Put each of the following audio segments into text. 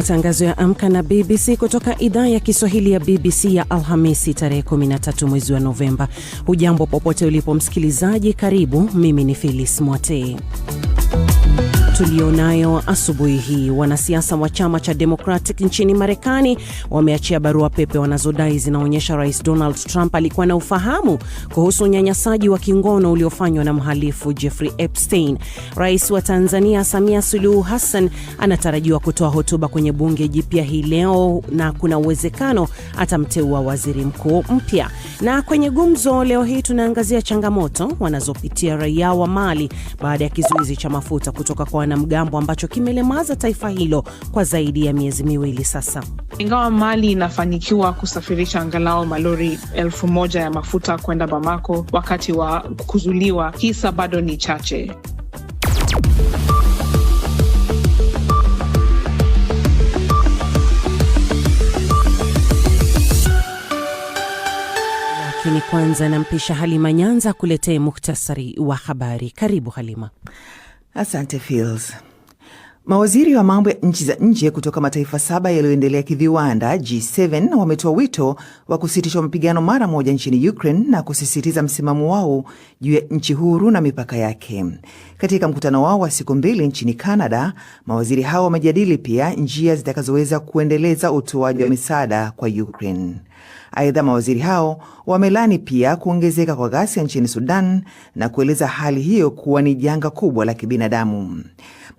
Matangazo ya Amka na BBC kutoka idhaa ya Kiswahili ya BBC ya Alhamisi tarehe 13 mwezi wa Novemba. Hujambo popote ulipo msikilizaji, karibu. Mimi ni Phyllis Mwatei tuliyonayo asubuhi hii. Wanasiasa wa chama cha Democratic nchini Marekani wameachia barua pepe wanazodai zinaonyesha Rais Donald Trump alikuwa na ufahamu kuhusu unyanyasaji wa kingono uliofanywa na mhalifu Jeffrey Epstein. Rais wa Tanzania Samia Suluhu Hassan anatarajiwa kutoa hotuba kwenye bunge jipya hii leo na kuna uwezekano atamteua waziri mkuu mpya. Na kwenye gumzo leo hii tunaangazia changamoto wanazopitia raia wa Mali baada ya kizuizi cha mafuta kutoka kwa wanamgambo ambacho kimelemaza taifa hilo kwa zaidi ya miezi miwili sasa. Ingawa Mali inafanikiwa kusafirisha angalau malori elfu moja ya mafuta kwenda Bamako wakati wa kuzuliwa, hisa bado ni chache. Lakini kwanza nampisha Halima Nyanza kuletee muktasari wa habari. Karibu Halima. Asante Fields. Mawaziri wa mambo ya nchi za nje kutoka mataifa saba yaliyoendelea kiviwanda G7 wametoa wito wa kusitishwa mapigano mara moja nchini Ukraine na kusisitiza msimamo wao juu ya nchi huru na mipaka yake. Katika mkutano wao wa siku mbili nchini Canada, mawaziri hao wamejadili pia njia zitakazoweza kuendeleza utoaji wa misaada kwa Ukraine. Aidha, mawaziri hao wamelani pia kuongezeka kwa ghasia nchini Sudan na kueleza hali hiyo kuwa ni janga kubwa la kibinadamu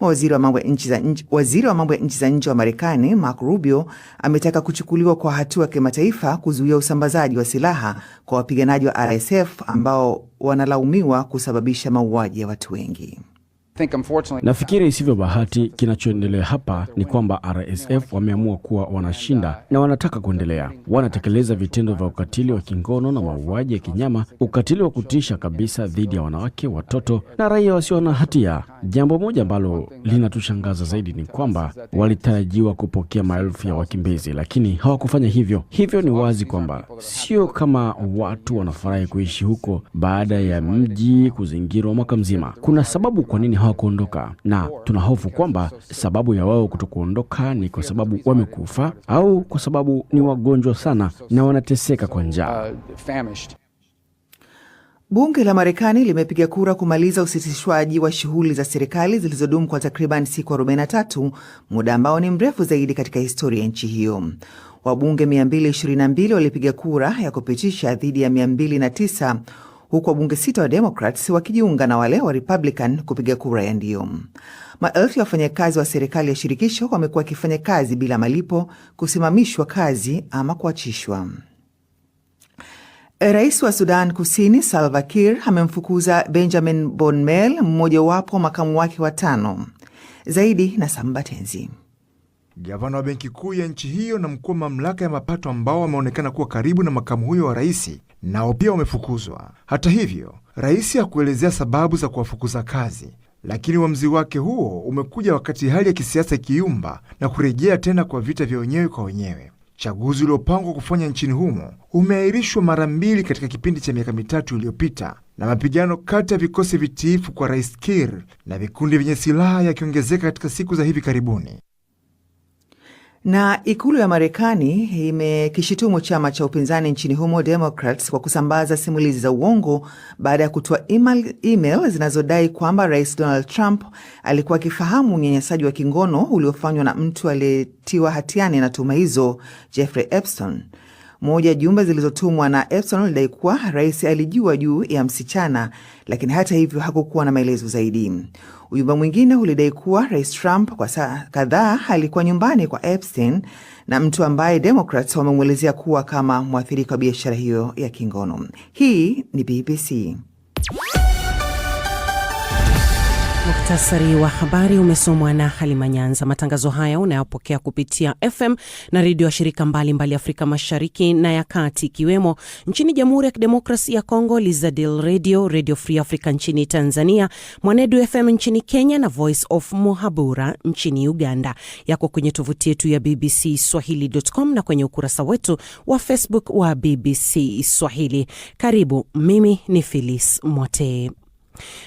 waziri wa mambo ya nchi za nje, waziri wa mambo ya nchi za nje wa Marekani Mark Rubio ametaka kuchukuliwa kwa hatua ya kimataifa kuzuia usambazaji wa silaha kwa wapiganaji wa RSF ambao wanalaumiwa kusababisha mauaji ya watu wengi. Nafikiri isivyo bahati. Kinachoendelea hapa ni kwamba RSF wameamua kuwa wanashinda na wanataka kuendelea. Wanatekeleza vitendo vya ukatili wa kingono na mauaji ya kinyama, ukatili wa kutisha kabisa dhidi ya wanawake, watoto na raia wasio na hatia. Jambo moja ambalo linatushangaza zaidi ni kwamba walitarajiwa kupokea maelfu ya wakimbizi, lakini hawakufanya hivyo. Hivyo ni wazi kwamba sio kama watu wanafurahi kuishi huko baada ya mji kuzingirwa mwaka mzima. Kuna sababu kwa nini hawa hawakuondoka, na tunahofu kwamba sababu ya wao kutokuondoka ni kwa sababu wamekufa au kwa sababu ni wagonjwa sana na wanateseka kwa njaa. Uh, Bunge la Marekani limepiga kura kumaliza usitishwaji wa shughuli za serikali zilizodumu kwa takriban siku 43, muda ambao ni mrefu zaidi katika historia ya nchi hiyo. Wabunge 222 walipiga kura ya kupitisha dhidi ya 209 huku wabunge sita wa Democrats wakijiunga na wale wa Republican kupiga kura ya ndio. Maelfu ya wafanyakazi wa serikali ya shirikisho wamekuwa wakifanya kazi bila malipo, kusimamishwa kazi ama kuachishwa. Eh, rais wa Sudan Kusini Salva Kiir amemfukuza Benjamin Bonmel, mmojawapo makamu wake watano. Zaidi na Sambatenzi. Gavana wa benki kuu ya nchi hiyo na mkuu wa mamlaka ya mapato ambao wameonekana kuwa karibu na makamu huyo wa raisi nao pia wamefukuzwa. Hata hivyo, rais hakuelezea sababu za kuwafukuza kazi, lakini uamuzi wake huo umekuja wakati hali ya kisiasa ikiyumba na kurejea tena kwa vita vya wenyewe kwa wenyewe. Chaguzi uliopangwa kufanya nchini humo umeahirishwa mara mbili katika kipindi cha miaka mitatu iliyopita, na mapigano kati ya vikosi vitiifu kwa rais kir na vikundi vyenye silaha yakiongezeka katika siku za hivi karibuni. Na ikulu ya Marekani imekishitumu chama cha upinzani nchini humo Democrats kwa kusambaza simulizi za uongo baada ya kutoa email, email zinazodai kwamba Rais Donald Trump alikuwa akifahamu unyanyasaji wa kingono uliofanywa na mtu aliyetiwa hatiani na tuhuma hizo, Jeffrey Epstein. Moja ya jumbe zilizotumwa na Epstein alidai kuwa rais alijua juu ya msichana, lakini hata hivyo hakukuwa na maelezo zaidi. Ujumbe mwingine ulidai kuwa Rais Trump kwa saa kadhaa alikuwa nyumbani kwa Epstein na mtu ambaye Demokrat wamemwelezea kuwa kama mwathirika wa biashara hiyo ya kingono. Hii ni BBC. Muktasari wa habari umesomwa na Halima Nyanza. Matangazo haya unayopokea kupitia FM na redio ya shirika mbalimbali mbali Afrika Mashariki na ya Kati, ikiwemo nchini Jamhuri ya Kidemokrasi ya congo lizadil Radio, Radio Free Africa nchini Tanzania, Mwanedu FM nchini Kenya na Voice of Muhabura nchini Uganda. Yako kwenye tovuti yetu ya BBC Swahili.com na kwenye ukurasa wetu wa Facebook wa BBC Swahili. Karibu, mimi ni Filis mwatee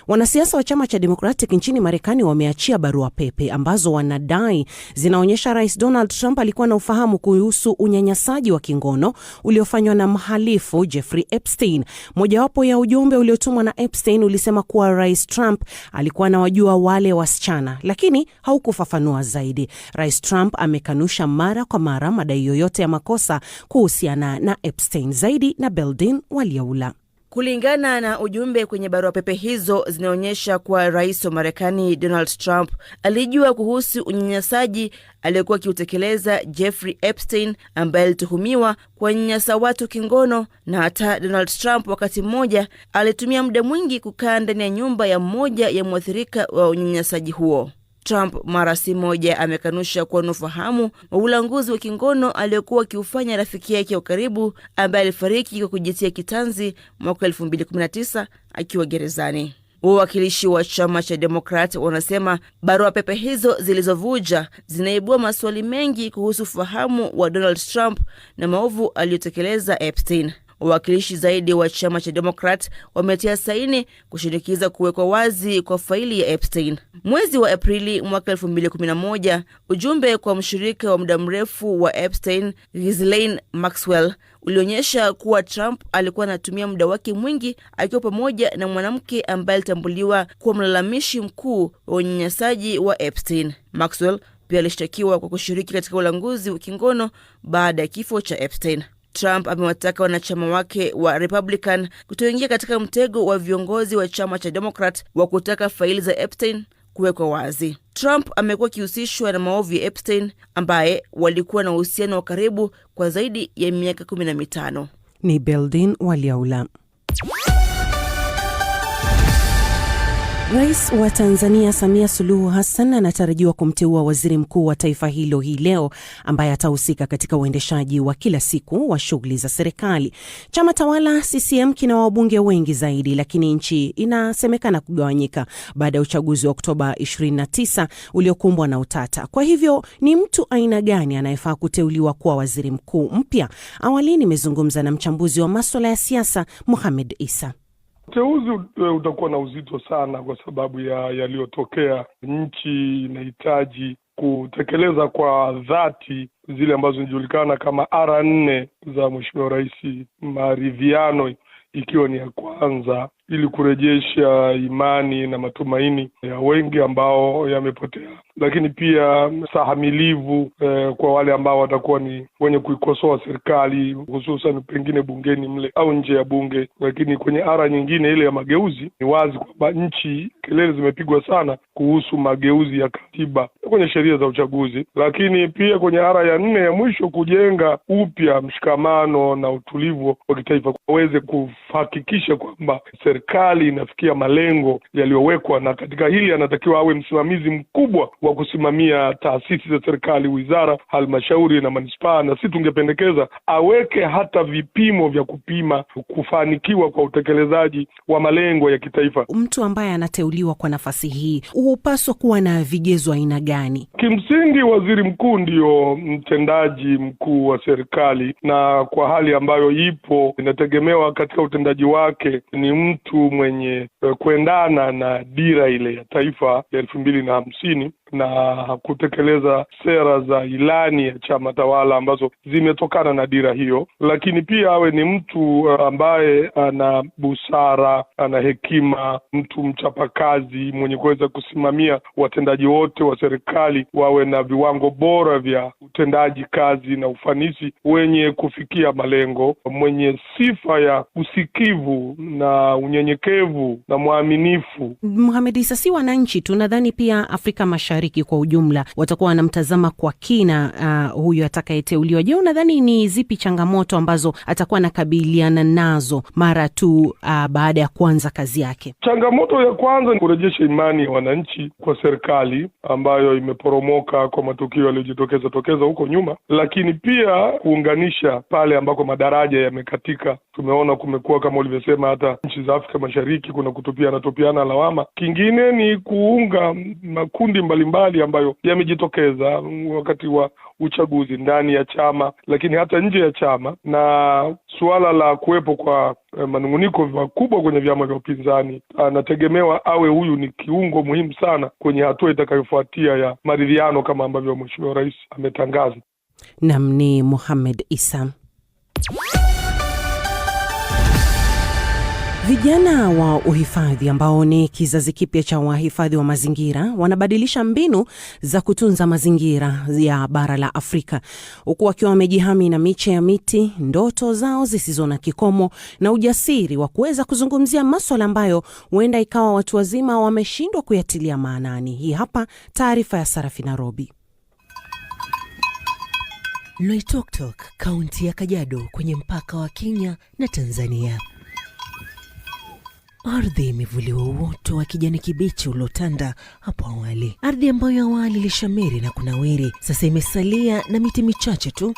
Wanasiasa wa chama cha Democratic nchini Marekani wameachia barua pepe ambazo wanadai zinaonyesha Rais Donald Trump alikuwa na ufahamu kuhusu unyanyasaji wa kingono uliofanywa na mhalifu Jeffrey Epstein. Mojawapo ya ujumbe uliotumwa na Epstein ulisema kuwa Rais Trump alikuwa anawajua wale wasichana, lakini haukufafanua zaidi. Rais Trump amekanusha mara kwa mara madai yoyote ya makosa kuhusiana na Epstein. Zaidi na Beldin Waliaula. Kulingana na ujumbe kwenye barua pepe hizo, zinaonyesha kuwa rais wa Marekani Donald Trump alijua kuhusu unyanyasaji aliyokuwa akiutekeleza Jeffrey Epstein, ambaye alituhumiwa kuwanyanyasa watu kingono, na hata Donald Trump wakati mmoja alitumia muda mwingi kukaa ndani ya nyumba ya mmoja ya mwathirika wa unyanyasaji huo. Trump mara si moja amekanusha kuwa na ufahamu wa ulanguzi wa kingono aliyokuwa akiufanya rafiki yake wa karibu ambaye alifariki kwa kujitia kitanzi mwaka 2019 akiwa gerezani. Wawakilishi wa chama cha Demokrat wanasema barua pepe hizo zilizovuja zinaibua maswali mengi kuhusu ufahamu wa Donald Trump na maovu aliyotekeleza Epstein. Wawakilishi zaidi wa chama cha Demokrat wametia saini kushinikiza kuwekwa wazi kwa faili ya Epstein. Mwezi wa Aprili mwaka moja, ujumbe kwa mshirika wa muda mrefu wa Epstein, Ghislaine Maxwell, ulionyesha kuwa Trump alikuwa anatumia muda wake mwingi akiwa pamoja na mwanamke ambaye alitambuliwa kuwa mlalamishi mkuu wa unyanyasaji wa Epstein. Maxwell pia alishtakiwa kwa kushiriki katika ulanguzi wa kingono baada ya kifo cha Epstein. Trump amewataka wanachama wake wa Republican kutoingia katika mtego wa viongozi wa chama cha Demokrat wa kutaka faili za Epstein kuwekwa wazi. Trump amekuwa akihusishwa na maovu ya Epstein ambaye walikuwa na uhusiano wa karibu kwa zaidi ya miaka kumi na mitano. Ni Beldin Waliaula. Rais wa Tanzania Samia Suluhu Hassan anatarajiwa kumteua waziri mkuu wa taifa hilo hii leo ambaye atahusika katika uendeshaji wa kila siku wa shughuli za serikali. Chama tawala CCM kina wabunge wengi zaidi, lakini nchi inasemekana kugawanyika baada ya uchaguzi wa Oktoba 29 uliokumbwa na utata. Kwa hivyo ni mtu aina gani anayefaa kuteuliwa kuwa waziri mkuu mpya? Awali nimezungumza na mchambuzi wa maswala ya siasa muhamed Isa. Uteuzi eh, utakuwa na uzito sana kwa sababu ya yaliyotokea. Nchi inahitaji kutekeleza kwa dhati zile ambazo zinajulikana kama R nne za Mheshimiwa Rais, maridhiano ikiwa ni ya kwanza ili kurejesha imani na matumaini ya wengi ambao yamepotea, lakini pia sahamilivu eh, kwa wale ambao watakuwa ni wenye kuikosoa serikali hususan pengine bungeni mle au nje ya bunge. Lakini kwenye ara nyingine ile ya mageuzi, ni wazi kwamba nchi kelele zimepigwa sana kuhusu mageuzi ya katiba kwenye sheria za uchaguzi, lakini pia kwenye ara ya nne ya mwisho, kujenga upya mshikamano na utulivu wa kitaifa, waweze kuhakikisha kwamba serikali inafikia malengo yaliyowekwa, na katika hili anatakiwa awe msimamizi mkubwa wa kusimamia taasisi za serikali, wizara, halmashauri na manispaa, na si tungependekeza aweke hata vipimo vya kupima kufanikiwa kwa utekelezaji wa malengo ya kitaifa. Mtu ambaye anateuliwa kwa nafasi hii hupaswa kuwa na vigezo aina gani? Kimsingi, waziri mkuu ndio mtendaji mkuu wa serikali, na kwa hali ambayo ipo inategemewa katika utendaji wake ni mtu mtu mwenye eh, kuendana na dira ile ya taifa ya elfu mbili na hamsini na kutekeleza sera za ilani ya chama tawala ambazo zimetokana na dira hiyo, lakini pia awe ni mtu uh, ambaye ana busara, ana hekima, mtu mchapakazi mwenye kuweza kusimamia watendaji wote wa serikali wawe na viwango bora vya utendaji kazi na ufanisi wenye kufikia malengo, mwenye sifa ya usikivu na unyenyekevu na mwaminifu. Mhamedi, sasi wananchi tunadhani pia Afrika Mashariki Mashariki kwa ujumla watakuwa wanamtazama kwa kina uh, huyo atakayeteuliwa. Je, unadhani ni zipi changamoto ambazo atakuwa anakabiliana nazo mara tu uh, baada ya kuanza kazi yake? Changamoto ya kwanza ni kurejesha imani ya wananchi kwa serikali ambayo imeporomoka kwa matukio yaliyojitokeza tokeza huko nyuma, lakini pia kuunganisha pale ambako madaraja yamekatika. Tumeona kumekuwa kama ulivyosema, hata nchi za Afrika Mashariki kuna kutupiana anatupiana lawama. Kingine ni kuunga makundi mbalimbali mbalimbali ambayo yamejitokeza wakati wa uchaguzi ndani ya chama, lakini hata nje ya chama, na suala la kuwepo kwa eh, manung'uniko makubwa kwenye vyama vya upinzani, anategemewa ah, awe huyu ni kiungo muhimu sana kwenye hatua itakayofuatia ya maridhiano kama ambavyo Mheshimiwa Rais ametangaza. Nam ni Muhamed Isa. Vijana wa uhifadhi ambao ni kizazi kipya cha wahifadhi wa mazingira wanabadilisha mbinu za kutunza mazingira ya bara la Afrika huku wakiwa wamejihami na miche ya miti, ndoto zao zisizo na kikomo na ujasiri wa kuweza kuzungumzia maswala ambayo huenda ikawa watu wazima wameshindwa kuyatilia maanani. Hii hapa taarifa ya sarafi nairobi Loitoktok, kaunti ya kajado kwenye mpaka wa Kenya na Tanzania. Ardhi imevuliwa uoto wa kijani kibichi uliotanda hapo awali, ardhi ambayo awali ilishamiri na kunawiri, sasa imesalia na miti michache tu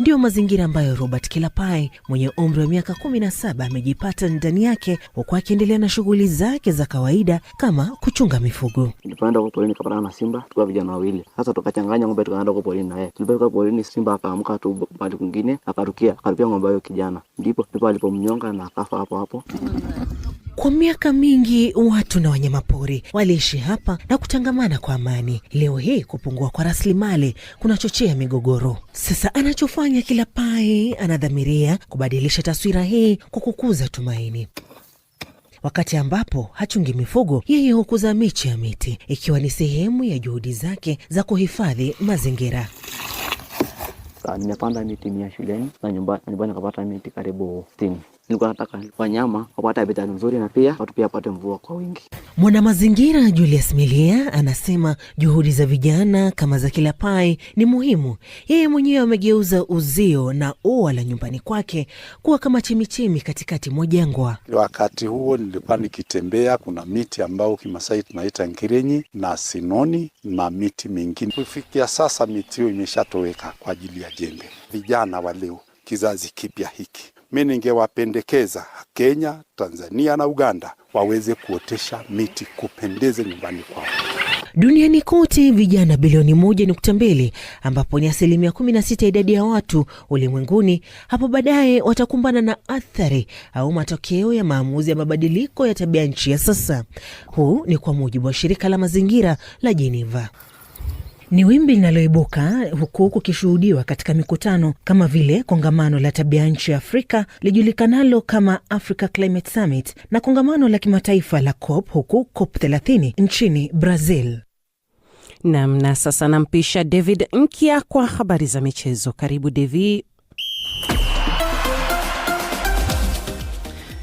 Ndiyo mazingira ambayo Robert Kilapai mwenye umri wa miaka 17 amejipata ndani yake huku akiendelea na shughuli zake za kawaida kama kuchunga mifugo. Tulipoenda huko porini kapatana na simba, tukiwa vijana wawili. Sasa tukachanganya ng'ombe tukaenda huko porini naye yeye. Tulipofika porini, simba akaamka tu mali kwingine, akarukia akarukia ng'ombe ayo kijana, ndipo ndipo alipomnyonga na akafa hapo hapo. Kwa miaka mingi watu na wanyamapori waliishi hapa na kutangamana kwa amani. Leo hii kupungua kwa rasilimali kunachochea migogoro. Sasa anachofanya kila pai, anadhamiria kubadilisha taswira hii kwa kukuza tumaini. Wakati ambapo hachungi mifugo, yeye hukuza miche ya miti, ikiwa ni sehemu ya juhudi zake za kuhifadhi mazingira. Nimepanda miti mia shuleni na nyumbani, nyumbani miti karibu sitini nilikuwa nataka wanyama wapate habitat nzuri na pia watu pia wapate mvua kwa wingi. Mwanamazingira Julius Milia anasema juhudi za vijana kama za kila pai ni muhimu. Yeye mwenyewe amegeuza uzio na ua la nyumbani kwake kuwa kama chemichemi katikati mwa jangwa. Wakati huo nilikuwa nikitembea, kuna miti ambayo Kimasai tunaita ngirenyi na sinoni na miti mingine. Kufikia sasa miti hiyo imeshatoweka kwa ajili ya jembe. Vijana wa leo, kizazi kipya hiki mi ningewapendekeza Kenya, Tanzania na Uganda waweze kuotesha miti kupendeze nyumbani kwao. Duniani kote vijana bilioni moja nukta mbili ambapo ni asilimia 1st ya idadi ya watu ulimwenguni, hapo baadaye watakumbana na athari au matokeo ya maamuzi ya mabadiliko ya tabia nchi ya sasa. Huu ni kwa mujibu wa shirika la mazingira la Geneva. Ni wimbi linaloibuka huku kukishuhudiwa katika mikutano kama vile kongamano la tabia nchi ya Afrika lijulikanalo kama Africa Climate Summit na kongamano la kimataifa la COP huku COP 30 nchini Brazil. Nam, na sasa nampisha David Nkya kwa habari za michezo. Karibu Devi.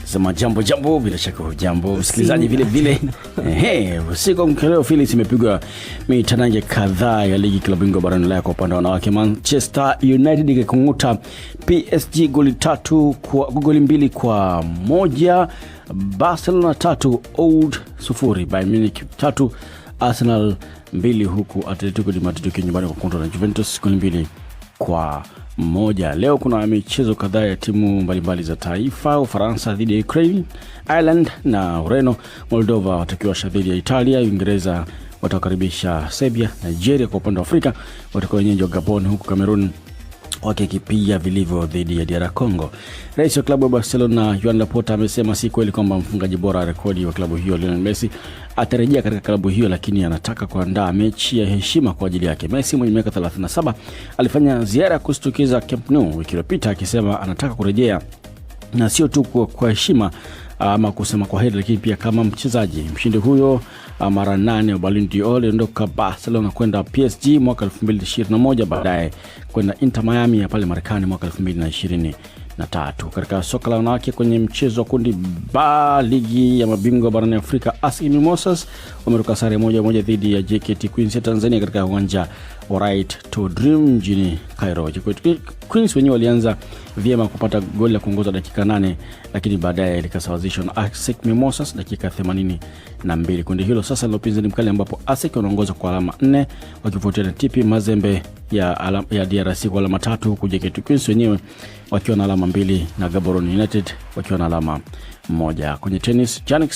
sema jambo jambo, bila shaka jambo msikilizaji vile vile. Ehe, usiku mkeleo Felix imepigwa mitanange kadhaa ya ligi klabu bingwa barani Ulaya kwa upande wa wanawake, Manchester United ikikunguta PSG goli tatu kwa goli mbili kwa moja, Barcelona tatu old sufuri, by Munich tatu Arsenal mbili, huku Atletico de Madrid ikiwa nyumbani kwa kuntwa na Juventus goli mbili kwa moja. Leo kuna michezo kadhaa ya timu mbalimbali mbali za taifa: Ufaransa dhidi ya Ukraine, Ireland na Ureno, Moldova watakiwa dhidi ya Italia, Uingereza watawakaribisha Serbia, Nigeria kwa upande wa Afrika watakuwa wenyeji wa Gabon, huku Cameroon wakikipiga vilivyo dhidi ya DR Congo. Rais wa klabu ya Barcelona Juan Laporta amesema si kweli kwamba mfungaji bora wa rekodi wa klabu hiyo Lionel Messi atarejea katika klabu hiyo, lakini anataka kuandaa mechi ya heshima kwa ajili yake. Messi mwenye miaka 37 alifanya ziara ya kushtukiza Camp Nou wiki iliyopita akisema anataka kurejea na sio tu kwa heshima ama kusema kwa heri, lakini pia kama mchezaji. Mshindi huyo ah, mara nane wa Ballon d'Or aliondoka Barcelona kwenda PSG mwaka 2021 baadaye kwenda Inter Miami ya pale Marekani mwaka 2020 na tatu. Katika soka la wanawake kwenye mchezo wa kundi ba ligi ya mabingwa barani Afrika, AS Mimosas wameruka sare moja moja dhidi ya JKT Queens ya Tanzania katika uwanja wa Right to Dream mjini Cairo. Queens wenyewe walianza vyema kupata goli la kuongoza dakika 8, lakini baadaye likasawazishwa na ASEC Mimosas dakika 82. Kundi hilo sasa lina upinzani mkali ambapo ASEC wanaongoza kwa alama 4 wakifuatia na TP Mazembe ya, alam, ya DRC kwa alama tatu huku JKT Queens wenyewe wakiwa na alama mbili na Gaborone United wakiwa na alama mmoja. Kwenye tenis, Jannik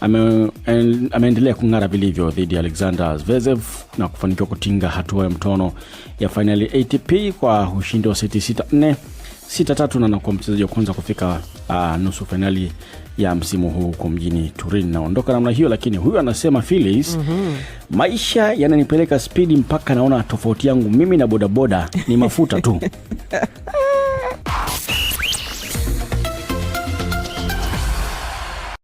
ameendelea ame, ameendelea kung'ara vilivyo dhidi ya Alexander zvezev na kufanikiwa kutinga hatua ya mtono ya fainali ATP kwa ushindi wa seti 64 4 na nakuwa mchezaji wa kwanza kufika uh, nusu fainali ya msimu huu huko mjini Turin. Naondoka namna hiyo, lakini huyu anasema Phyllis, mm -hmm. maisha yananipeleka spidi mpaka naona tofauti yangu mimi na bodaboda ni mafuta tu